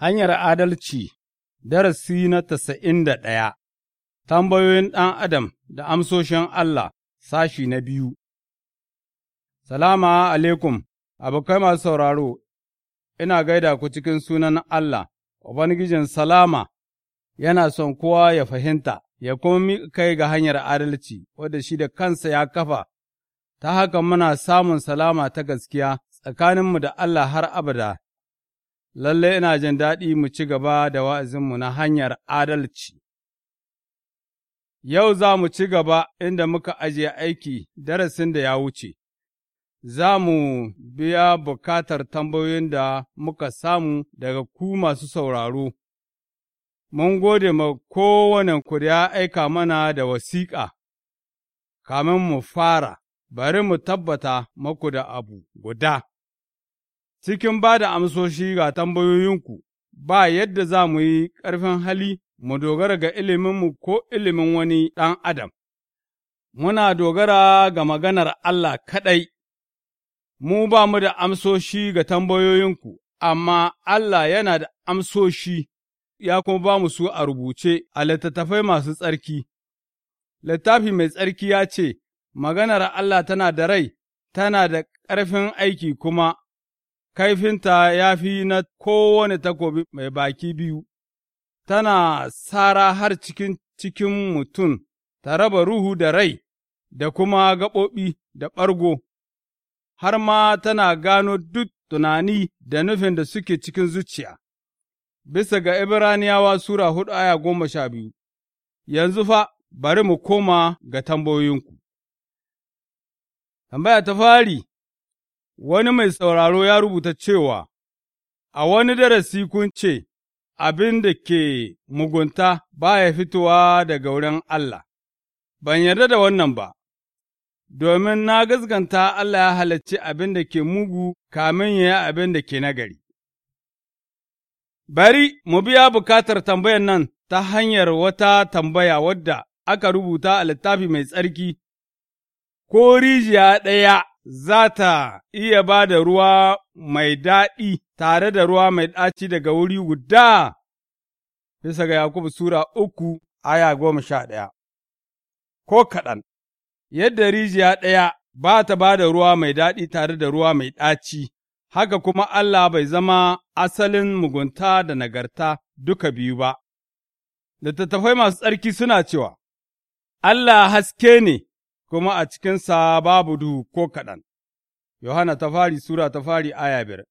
Hanyar Adalci Darasi na tasa'in da ɗaya Tambayoyin ɗan Adam da amsoshin Allah sashi na biyu Salama alaikum, abokai masu sauraro, ina gaida ku cikin sunan Allah, Ubangijin Salama yana son kowa ya fahimta, ya kuma miƙa kai ga hanyar adalci, wadda shi da kansa ya kafa, ta haka muna samun salama ta gaskiya tsakaninmu da Allah har abada. lalle ina jin daɗi mu ci gaba da wa'azinmu na hanyar adalci. Yau za mu ci gaba inda muka ajiye aiki darasin da ya wuce, za mu biya bukatar tambayoyin da muka samu daga ku masu sauraro. Mun gode ma kowane ku da ya aika mana da wasiƙa, kamin mu fara, bari mu tabbata maku da abu guda. cikin ba da amsoshi ga tambayoyinku, ba yadda za mu yi ƙarfin hali mu dogara ga iliminmu ko ilimin wani ɗan adam. Muna dogara ga maganar Allah kaɗai, mu ba mu da amsoshi ga tambayoyinku, amma Allah yana da amsoshi, ya kuma ba mu su a rubuce a littattafai masu tsarki. Littafi mai tsarki ya ce, Maganar Allah tana da rai, tana da ƙarfin aiki kuma kaifinta ya fi na kowane takobi mai baki biyu, tana sara har cikin cikin mutum, ta raba ruhu da rai, da kuma gaɓoɓi da ɓargo, har ma tana gano duk tunani da nufin da suke cikin zuciya, bisa ga Ibraniyawa Sura hudu aya goma sha biyu, yanzu fa bari mu koma ga tambayoyinku. Tambaya ta fari wani mai sauraro ya rubuta cewa, A wani darasi kun ce, Abin da ke mugunta ba ya fitowa daga wurin Allah, ban yarda da wannan ba, domin na gaskanta Allah ya halarci abin da ke mugu kamin ya yi abin da ke nagari. Bari mu biya bukatar tambayar nan ta hanyar wata tambaya wadda aka rubuta a littafi mai tsarki, ko rijiya ɗaya za ta iya ba da ruwa mai daɗi tare da ruwa mai ɗaci daga wuri guda, bisa ga Yakubu Sura uku aya goma sha ɗaya, ko kaɗan, yadda rijiya ɗaya ba ta ba da ruwa mai daɗi tare da ruwa mai ɗaci, haka kuma Allah bai zama asalin mugunta da nagarta duka biyu ba. Littattafai masu tsarki suna cewa, Allah haske ne, kuma a cikinsa babu duhu ko kaɗan. Yohana ta fari Sura ta fari aya biyar.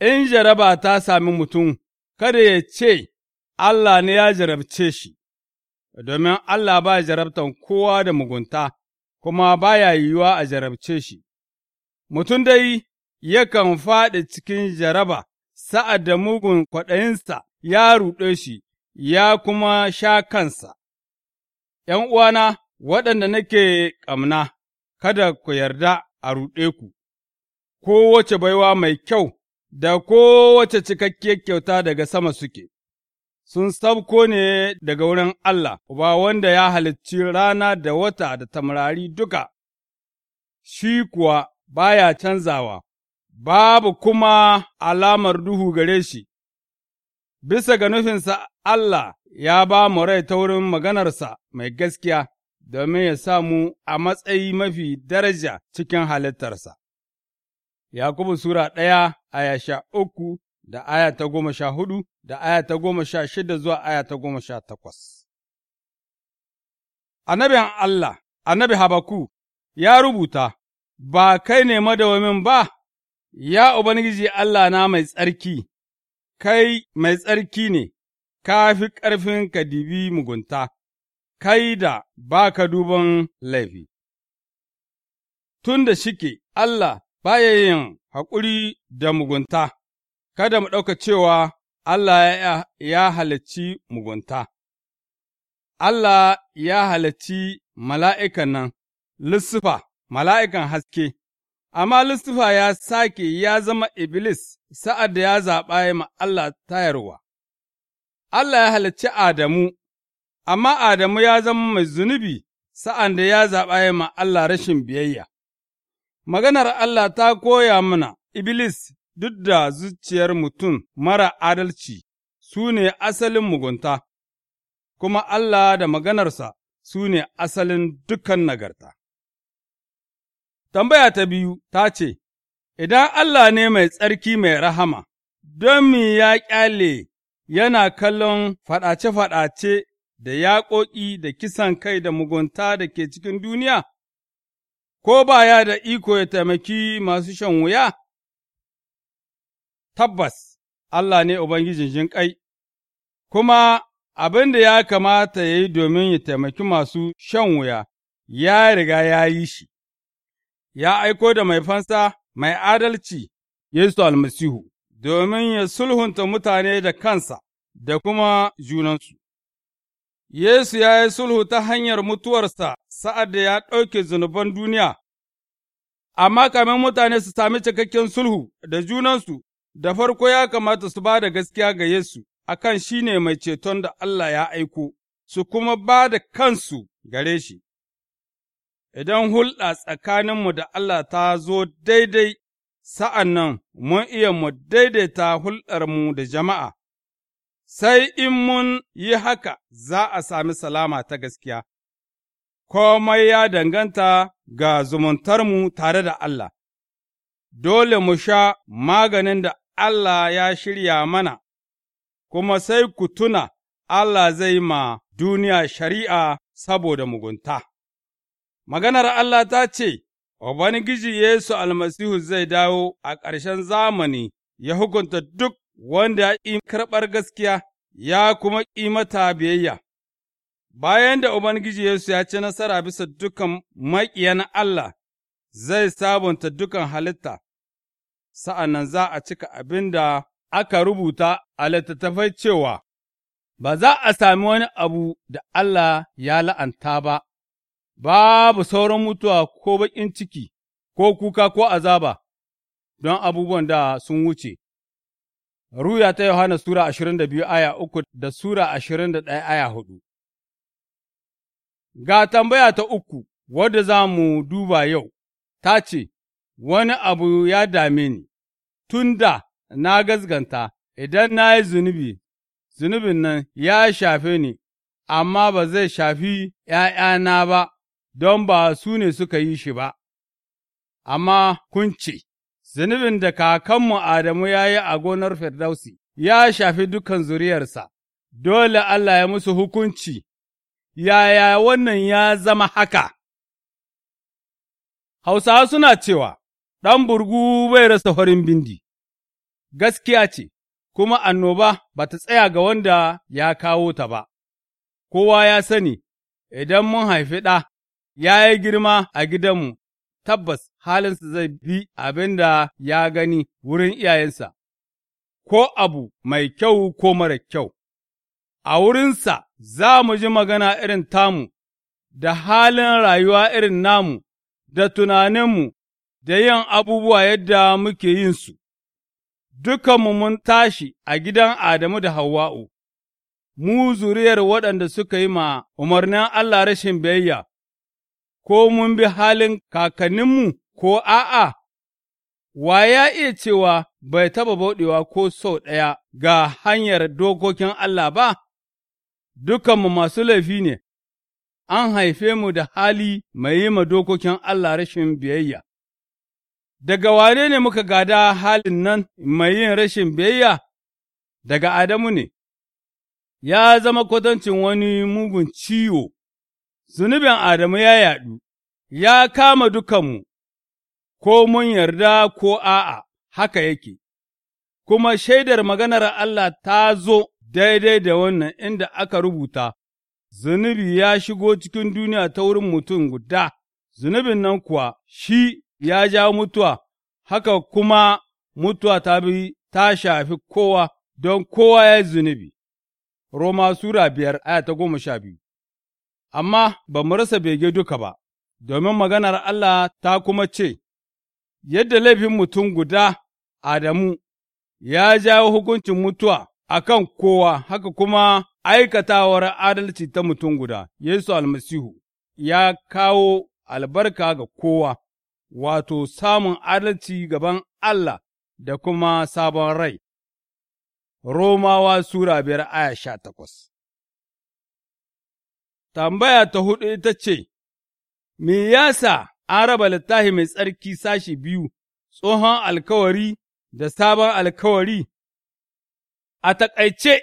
In jaraba ta sami mutum, kada ya ce, Allah ne ya jarabce shi, domin Allah ba jarabtan kowa da mugunta, kuma ba baya yiwuwa a jarabce shi. Mutum dai yakan faɗi cikin jaraba sa'ad da mugun kwaɗayinsa ya ruɗe shi, ya kuma sha kansa. ’Yan uwana, waɗanda nake ƙamna, kada ku yarda a ruɗe ku, kowace baiwa mai kyau da kowace cikakkiyar kyauta daga sama suke, sun sabko ne daga wurin Allah, Uba wanda ya halicci rana da wata da tamrari duka, shi kuwa baya canzawa, babu kuma alamar duhu gare shi, bisa ga nufinsa Allah ya ba mu rai ta wurin maganarsa mai gaskiya. domin ya samu a matsayi mafi daraja cikin halittarsa. Yakubu Sura ɗaya aya sha uku da aya ta goma sha hudu da aya ta goma sha shida zuwa aya ta goma sha takwas. Annabin Allah, annabi Habaku, ya rubuta, Ba kai ne madawamin ba, ya Ubangiji Allah na mai tsarki, kai mai tsarki ne, ka fi ƙarfin ka dibi mugunta. kai da ba ka duban laifi. Tun da shike Allah baya yin haƙuri da mugunta, kada mu ɗauka cewa Allah ya, ya halarci mugunta. Allah ya halarci mala'ikan nan, Lissufa, mala'ikan haske, amma Lissufa ya sake ya zama Iblis sa'ad da ya zaɓa ma Allah tayarwa. Allah ya halarci Adamu amma Adamu ya zama mai zunubi sa'an da ya zaɓa yi ma Allah rashin biyayya. Maganar Allah ta koya mana, Iblis duk da zuciyar mutum mara adalci su ne asalin mugunta, kuma Allah da maganarsa su ne asalin dukan nagarta. Tambaya ta biyu ta ce, Idan Allah ne mai tsarki mai rahama, don mi ya ƙyale yana kallon faɗace-faɗace da yaƙoƙi da kisan kai da mugunta da ke cikin duniya, ko baya da iko ya taimaki masu shan wuya? Tabbas, Allah ne Ubangijin jinƙai, kuma abin da ya kamata ya yi domin ya taimaki masu shan wuya, ya riga ya yi shi, ya aiko da mai fansa mai adalci, Yesu almasihu, domin ya sulhunta mutane da kansa da kuma junansu. Yesu ya yi sulhu ta hanyar mutuwarsa sa'ad da ya ɗauke zunuban duniya, amma kamin mutane su sami cikakken sulhu da junansu, da farko ya kamata su ba da gaskiya ga Yesu kan shi ne mai ceton da Allah ya aiko, su kuma ba da kansu gare shi. Idan hulɗa tsakaninmu da Allah ta zo daidai, sa'an nan mun iya mu daidaita hulɗarmu da jama'a. sai in mun yi haka za a sami salama ta gaskiya, komai ya danganta ga zumuntarmu tare da Allah, dole mu sha maganin da Allah ya shirya mana, kuma sai ku tuna Allah zai ma duniya shari'a saboda mugunta. Maganar Allah ta ce, Ubangiji Yesu almasihu zai dawo a ƙarshen zamani ya hukunta duk wanda ya ƙi karɓar gaskiya ya kuma ƙi mata biyayya. Bayan da Ubangiji Yesu ya ci nasara bisa dukan maƙiyan Allah, zai sabunta dukan halitta, sa'an nan za a cika abin da aka rubuta a littattafai cewa, Ba za a sami wani abu da Allah ya la'anta ba, babu sauran mutuwa ko baƙin ciki, ko kuka ko azaba, don abubuwan da sun wuce. Ruya ta Yohana Sura ashirin da biyu aya uku da Sura ashirin da ɗaya aya hudu Ga tambaya ta uku wadda za mu duba yau, ta ce, Wani abu ya dame ni, tun da na gazganta, idan na yi zunubi, zunubin nan ya shafe ni, amma ba zai shafi ’ya'yana ba, don ba su ne suka yi shi ba, amma kun ce, zunubin da kakanmu Adamu ya yi a gonar Firdausi ya shafi dukan zuriyarsa, dole Allah ya musu hukunci, yaya wannan ya zama haka? Hausawa suna cewa, ɗan burgu bai rasa horin bindi, gaskiya ce, kuma annoba ba ta tsaya ga wanda ya kawo ta ba, kowa ya sani, idan mun haifi ɗa, ya yi girma a gidanmu, tabbas halinsa zai bi abin da ya gani wurin iyayensa, ko abu mai kyau ko mara kyau. A wurinsa za mu ji magana irin tamu, da halin rayuwa irin namu, da tunaninmu, da yin abubuwa yadda muke yin su. Dukanmu mun tashi a gidan Adamu da Hawwa'u, mu zuriyar waɗanda suka yi ma umarnin Allah rashin biyayya, ko mun bi halin kakanninmu ko a'a, wa ya iya cewa bai taɓa bauɗewa ko sau ɗaya ga hanyar dokokin Allah ba? Dukanmu masu laifi ne, an haife mu da hali mai yi ma dokokin Allah rashin biyayya. Daga wane ne muka gada halin nan mai yin rashin biyayya? Daga Adamu ne, ya zama kwatancin wani mugun ciwo, zunubin Adamu ya yaɗu, ya kama dukanmu, ko mun yarda ko a'a, haka yake, kuma shaidar maganar Allah ta zo daidai da wannan inda aka rubuta, zunubi ya shigo cikin duniya ta wurin mutum guda, zunubin nan kuwa shi ya ja mutuwa, haka kuma mutuwa ta bi ta shafi kowa don kowa ya zunubi. Roma Sura biyar aya ta goma sha biyu Amma ba mu rasa bege duka ba, domin maganar Allah ta kuma ce, yadda laifin mutum guda Adamu ya jawo hukuncin mutuwa a kan kowa, haka kuma aikatawar adalci ta mutum guda, Yesu almasihu, ya kawo albarka ga kowa, wato samun adalci gaban Allah da kuma sabon rai. Romawa Sura biyar aya sha takwas Tambaya ta hudu ita ce, Me yasa an raba littafi mai tsarki sashi biyu, tsohon alkawari da sabon alkawari. A taƙaice,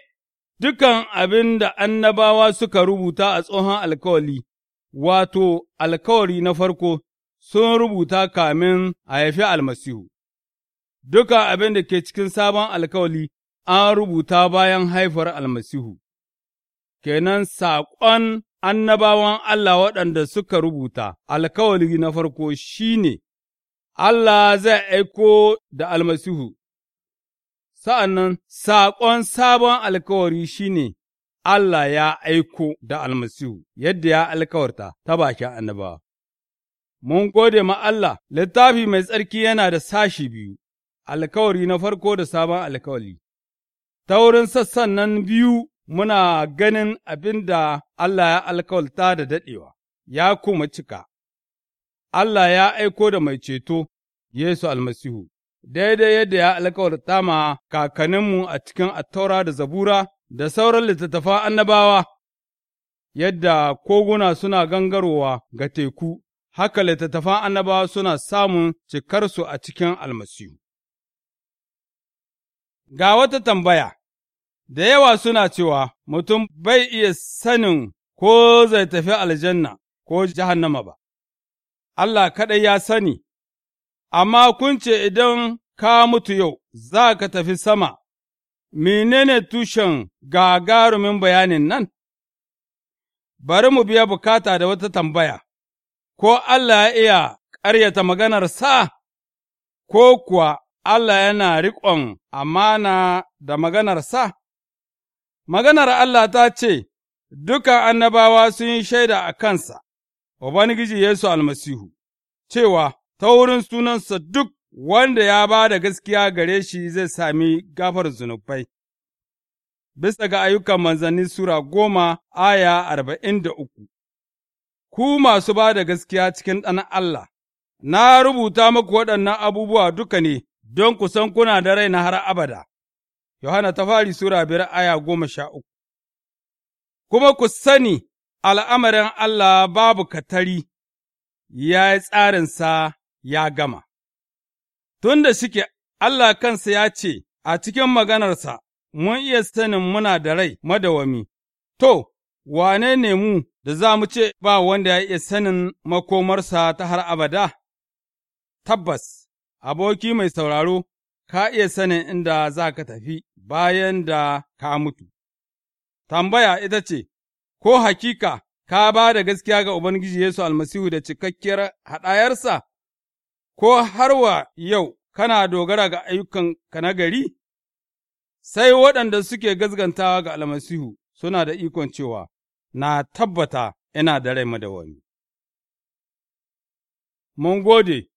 dukan abin da annabawa suka rubuta a tsohon alkawari wato alkawari na farko, sun rubuta kamin a haifi almasihu. Duka abin da ke cikin sabon alkawali an rubuta bayan haifar almasihu. Kenan saƙon annabawan Allah waɗanda suka rubuta, alkawali na farko shi ne, Allah zai aiko da almasihu, sa'an nan saƙon sabon alkawari shi ne, Allah ya aiko da almasihu yadda ya alkawarta ta bakin annabawa. Mun gode ma Allah, littafi mai tsarki yana da sashi biyu, alkawari na farko da sabon alkawali. Ta wurin sassan nan biyu muna ganin abin da Allah ya alkawalta da daɗewa, ya kuma cika, Allah ya aiko da mai ceto, Yesu almasihu, daidai yadda ya alkawarta ma kakanninmu a cikin attaura da zabura da sauran littattafan annabawa, yadda koguna suna gangarowa ga teku, haka littattafan annabawa suna samun cikarsu a cikin almasihu. Ga wata tambaya. da yawa suna cewa mutum bai iya sanin ko zai tafi aljanna ko jahannama ba, Allah kaɗai ya sani, amma kun ce idan ka mutu yau za ka tafi sama, menene tushen gagarumin bayanin nan? Bari mu biya bukata da wata tambaya, ko Allah ya iya ƙaryata maganar sa ko kuwa Allah yana riƙon amana da maganar sa Maganar Allah ta ce, duka annabawa sun yi shaida a kansa, Ubangiji Yesu almasihu, cewa ta wurin sunansa duk wanda ya ba da gaskiya gare shi zai sami gafar zunubai. Bisa ga ayyukan manzanni Sura goma aya arba'in da uku, ku masu ba da gaskiya cikin ɗan Allah, na rubuta muku waɗannan abubuwa duka ne don ku san kuna da rai na har abada. Yohana ta fari Sura biyar aya goma sha uku. Kuma ku sani al'amarin Allah babu katari, ya yi tsarinsa ya gama, tun da shike Allah kansa ya ce a cikin maganarsa, mun iya sanin muna da rai madawami, to, wane ne mu da za mu ce ba wanda ya iya sanin makomarsa ta har abada? Tabbas, aboki mai sauraro, ka iya sanin inda za ka tafi, bayan da ka mutu. Tambaya ita ce, Ko hakika ka ba da gaskiya ga Ubangiji Yesu almasihu da cikakkiyar haɗayarsa, ko har wa yau kana dogara ga ayyukanka na gari? Sai waɗanda suke gazgantawa ga almasihu suna da ikon cewa, Na tabbata ina da rai madawami. Mun gode,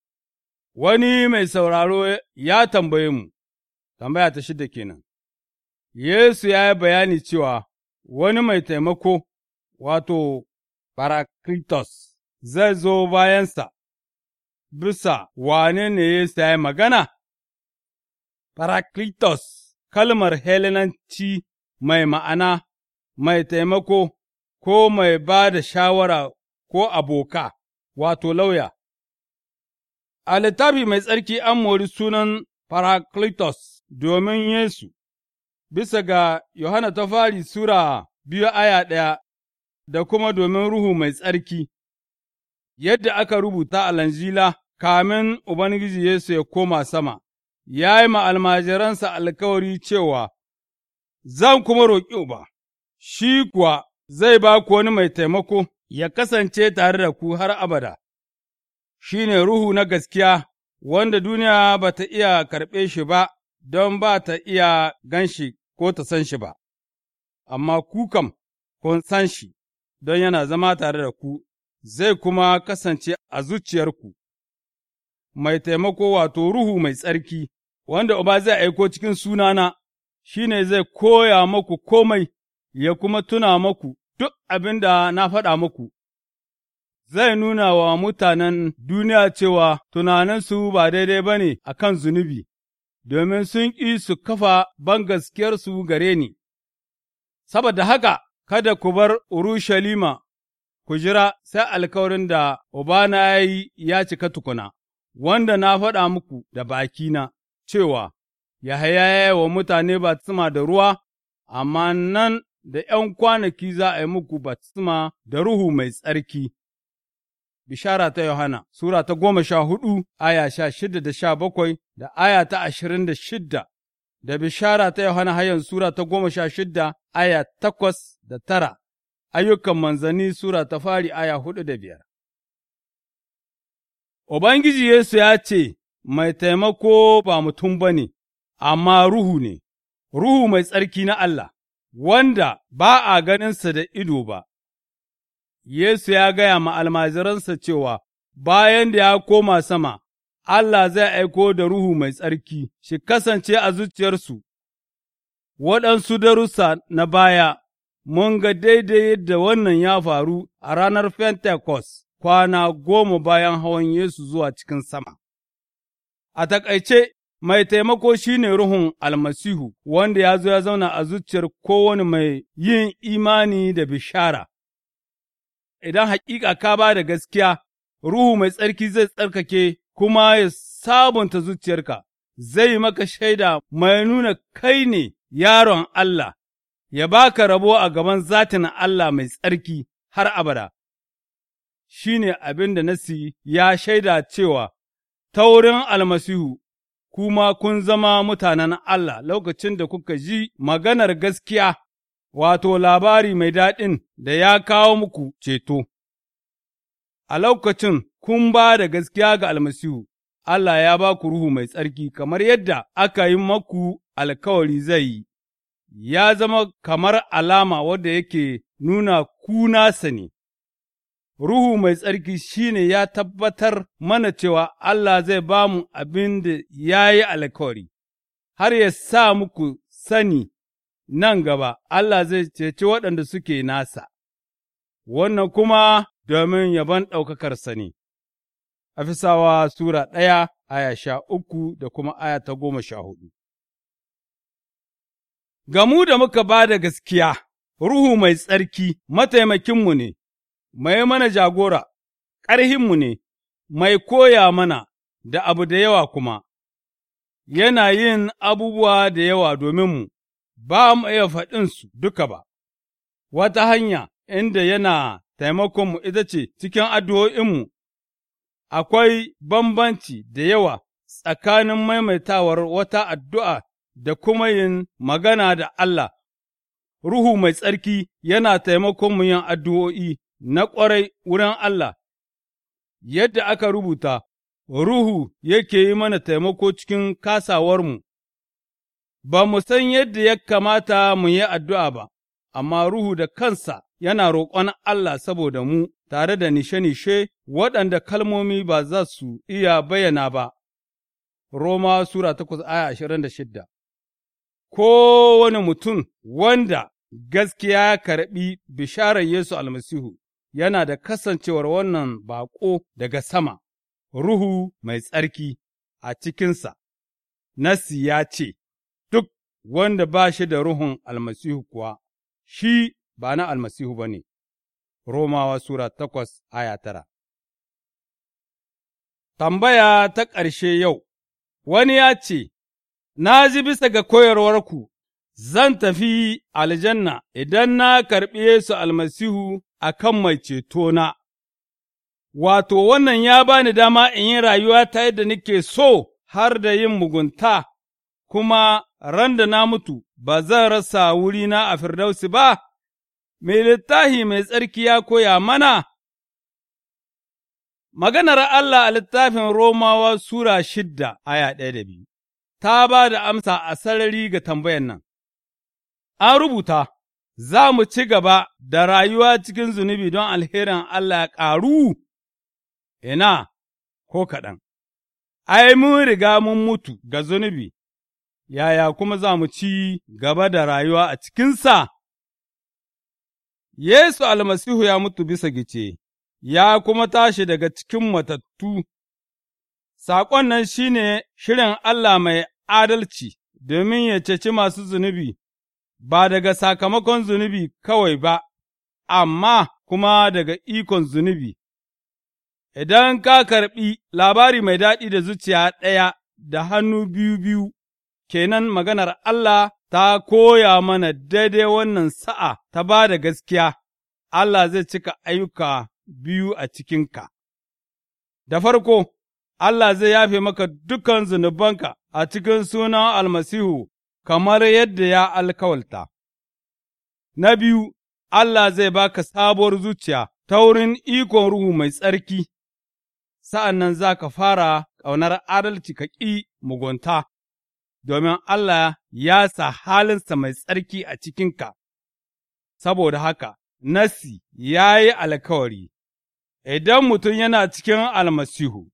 wani mai sauraro ya tambaye mu, tambaya ta shida kenan. Yesu ya yi bayani cewa wani mai taimako, wato, Parakritos, zai zo bayansa, bisa wane ne Yesu ya yi magana? Paraklitos kalmar Helenanci mai ma'ana, mai taimako, ko mai ba da shawara ko aboka, wato lauya. A littafi mai tsarki an mori sunan Paraklitos domin Yesu, bisa ga Yohana ta fari Sura biyu aya ɗaya da kuma domin Ruhu mai tsarki, yadda aka rubuta a Lanzila kamin Ubangiji Yesu ya koma sama, ya yi almajiransa alkawari cewa, Zan kuma roƙi Uba, shi kuwa zai ba ku wani mai taimako ya kasance tare da ku har abada, shi ne Ruhu na gaskiya wanda duniya ba ta iya karɓe shi ba. don ba ta iya gan shi ko ta san shi ba, amma ku kam kun san shi don yana zama tare da ku, zai kuma kasance a zuciyarku, mai taimako wato Ruhu mai tsarki, wanda Uba zai aiko cikin sunana, shi ne zai koya maku komai ya kuma tuna maku duk abin da na faɗa maku. zai nuna wa mutanen duniya cewa tunaninsu ba daidai ba ne a kan zunubi, domin sun ƙi su kafa bangaskiyarsu gare ni, saboda haka kada ku bar Urushalima, ku jira sai alkawarin da Ubana ya yi ya cika tukuna, wanda na faɗa muku da bakina cewa, Yahaya ya wa mutane batisma da ruwa, amma nan da ’yan kwanaki za a yi muku batisma da Ruhu mai tsarki. Bishara ta Yohana Sura ta goma sha hudu aya sha shida da sha bakwai da aya ta ashirin da shidda da bishara ta Yohana hayan Sura ta goma sha shidda aya takwas da tara ayyukan manzanni Sura ta fari aya hudu da biyar. Ubangiji Yesu ya ce, Mai taimako ba mutum ba ne, amma ruhu ne, ruhu mai tsarki na Allah, wanda ba a ganinsa da ido ba, Yesu ya gaya ma almajiransa cewa bayan da ya koma sama, Allah zai aiko da Ruhu Mai Tsarki, shi kasance a zuciyarsu. Waɗansu darussa na baya mun ga daidai yadda wannan ya faru a ranar Pentecost kwana goma bayan hawan Yesu zuwa cikin sama. A taƙaice, mai taimako shi ne Ruhun almasihu, wanda ya zo ya zauna a zuciyar kowane mai yin imani da bishara. idan haƙiƙa ka ba da gaskiya, Ruhu mai tsarki zai tsarkake kuma ya sabunta zuciyarka, zai maka shaida mai nuna kai ne yaron Allah, ya baka rabo a gaban zatin Allah mai tsarki har abada. Shi ne abin da Nasi ya shaida cewa, ta wurin almasihu, kuma kun zama mutanen Allah lokacin da kuka ji maganar gaskiya wato labari mai daɗin da ya kawo muku ceto. A lokacin kun ba da gaskiya ga almasihu, Allah ya ba ku Ruhu mai tsarki kamar yadda aka yi maku alkawari zai yi, ya zama kamar alama wadda yake nuna kuna nasa ne. Ruhu mai tsarki shi ne ya tabbatar mana cewa Allah zai ba mu abin da ya yi alkawari, har ya sa muku sani nan gaba Allah zai ceci waɗanda suke nasa, wannan kuma domin yaban ɗaukakarsa ne. Afisawa Sura ɗaya aya sha uku da kuma aya ta goma sha hudu. Ga mu da muka ba da gaskiya, Ruhu mai tsarki mataimakinmu ne, mai mana jagora, ƙarhinmu ne, mai koya mana da abu da yawa kuma, yana yin abubuwa da yawa domin mu. ba mu iya su duka ba. Wata hanya inda yana taimakonmu ita ce cikin addu'o'inmu, akwai bambanci da yawa tsakanin maimaitawar wata addu'a da kuma yin magana da Allah. Ruhu mai tsarki yana taimakonmu yin addu'o'i na ƙwarai wurin Allah, yadda aka rubuta, Ruhu yake yi mana taimako cikin kasawarmu. ba mu san yadda ya kamata mu yi addu'a ba, amma Ruhu da kansa yana roƙon Allah saboda mu tare da nishe-nishe waɗanda kalmomi ba za su iya bayyana ba. Roma Sura takwas aya ashirin da shidda Kowane mutum wanda gaskiya ya karɓi bisharar Yesu almasihu yana da kasancewar wannan baƙo daga sama, Ruhu mai tsarki a cikinsa, Nassi ya ce, wanda ba shi da ruhun almasihu kuwa, shi ba na almasihu ba ne, Romawa Sura takwas aya tara. Tambaya ta ƙarshe yau, wani ya ce, Na ji bisa ga koyarwarku, zan tafi aljanna idan na karɓi Yesu almasihu a kan mai cetona. Wato, wannan ya bani dama in yi rayuwa ta yadda nake so har da yin mugunta kuma ran da na mutu ba zan rasa wurina a firdausi ba, mai littahi mai tsarki ya koya mana. Maganar Allah a littafin Romawa Sura shidda aya ɗaya da biyu, ta ba da amsa a sarari ga tambayan nan, an rubuta, za mu ci gaba da rayuwa cikin zunubi don alherin Allah ƙaru, ina, ko kaɗan, ai, mun riga mun mutu ga zunubi. yaya kuma za mu ci gaba da rayuwa a cikinsa? Yesu almasihu ya mutu bisa gice, ya kuma tashi daga cikin matattu, saƙon nan shi ne shirin Allah mai adalci domin ya ceci masu zunubi, ba daga sakamakon zunubi kawai ba, amma kuma daga ikon zunubi. Idan ka karɓi labari mai daɗi da zuciya ɗaya da hannu biyu biyu, kenan maganar Allah ta koya mana daidai wannan sa'a ta ba da gaskiya, Allah zai cika ayyuka biyu a cikinka. Da farko, Allah zai yafe maka dukan zunubanka a cikin sunan almasihu kamar yadda ya alkawalta. Na biyu, Allah zai baka sabuwar zuciya ta wurin ikon Ruhu mai tsarki, sa'an nan za ka fara ƙaunar adalci kaƙi mugunta, domin Allah ya sa halinsa mai tsarki a cikinka, saboda haka, Nasi ya yi alkawari, idan mutum yana cikin almasihu,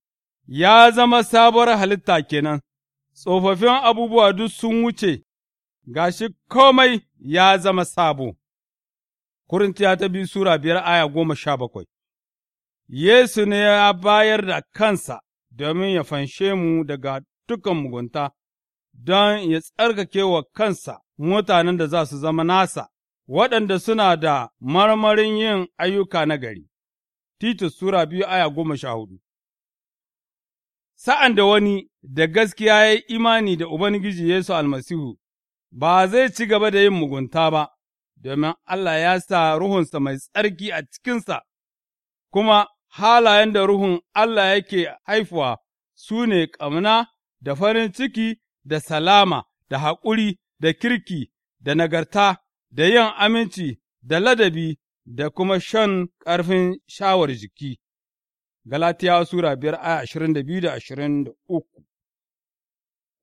ya zama sabuwar halitta kenan, tsofaffin abubuwa duk sun wuce, gashi komai ya zama sabo. Kurintiya ta biyu Sura biyar aya goma sha bakwai Yesu ne ya bayar da kansa domin ya fanshe mu daga dukan mugunta. don ya tsarkake wa kansa mutanen da za su zama nasa, waɗanda suna da marmarin yin ayyuka na gari. Titus Sura biyu aya goma sha hudu Sa'an da wani da gaskiya ya yi imani da Ubangiji Yesu almasihu, ba zai ci gaba da yin mugunta ba, domin Allah ya sa ruhunsa mai tsarki a cikinsa, kuma halayen da ruhun Allah yake haifuwa su ne ƙamna da farin ciki da salama, da haƙuri, da kirki, da nagarta, da yin aminci, da ladabi, da kuma shan ƙarfin shawar jiki. Galatiyawa Sura biyar a ashirin da biyu da ashirin da uku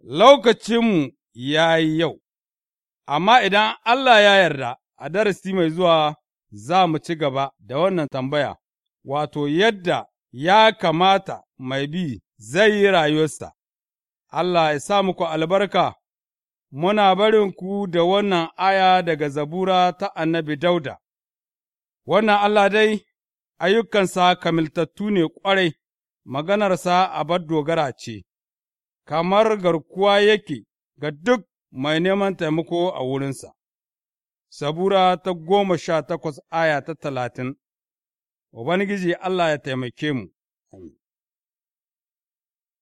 Lokacinmu ya yi yau, amma idan Allah ya yarda a darasi mai zuwa za mu ci gaba da wannan tambaya, wato yadda ya kamata mai bi zai yi rayuwarsa. Allah ya sa muku albarka, muna barin ku da wannan aya daga zabura ta annabi Dauda, wannan Allah dai ayyukansa kamiltattu ne ƙwarai, maganarsa abar dogara ce, kamar garkuwa yake ga duk mai neman taimako a wurinsa. Sabura ta goma sha takwas aya ta talatin, Ubangiji Allah ya taimake mu.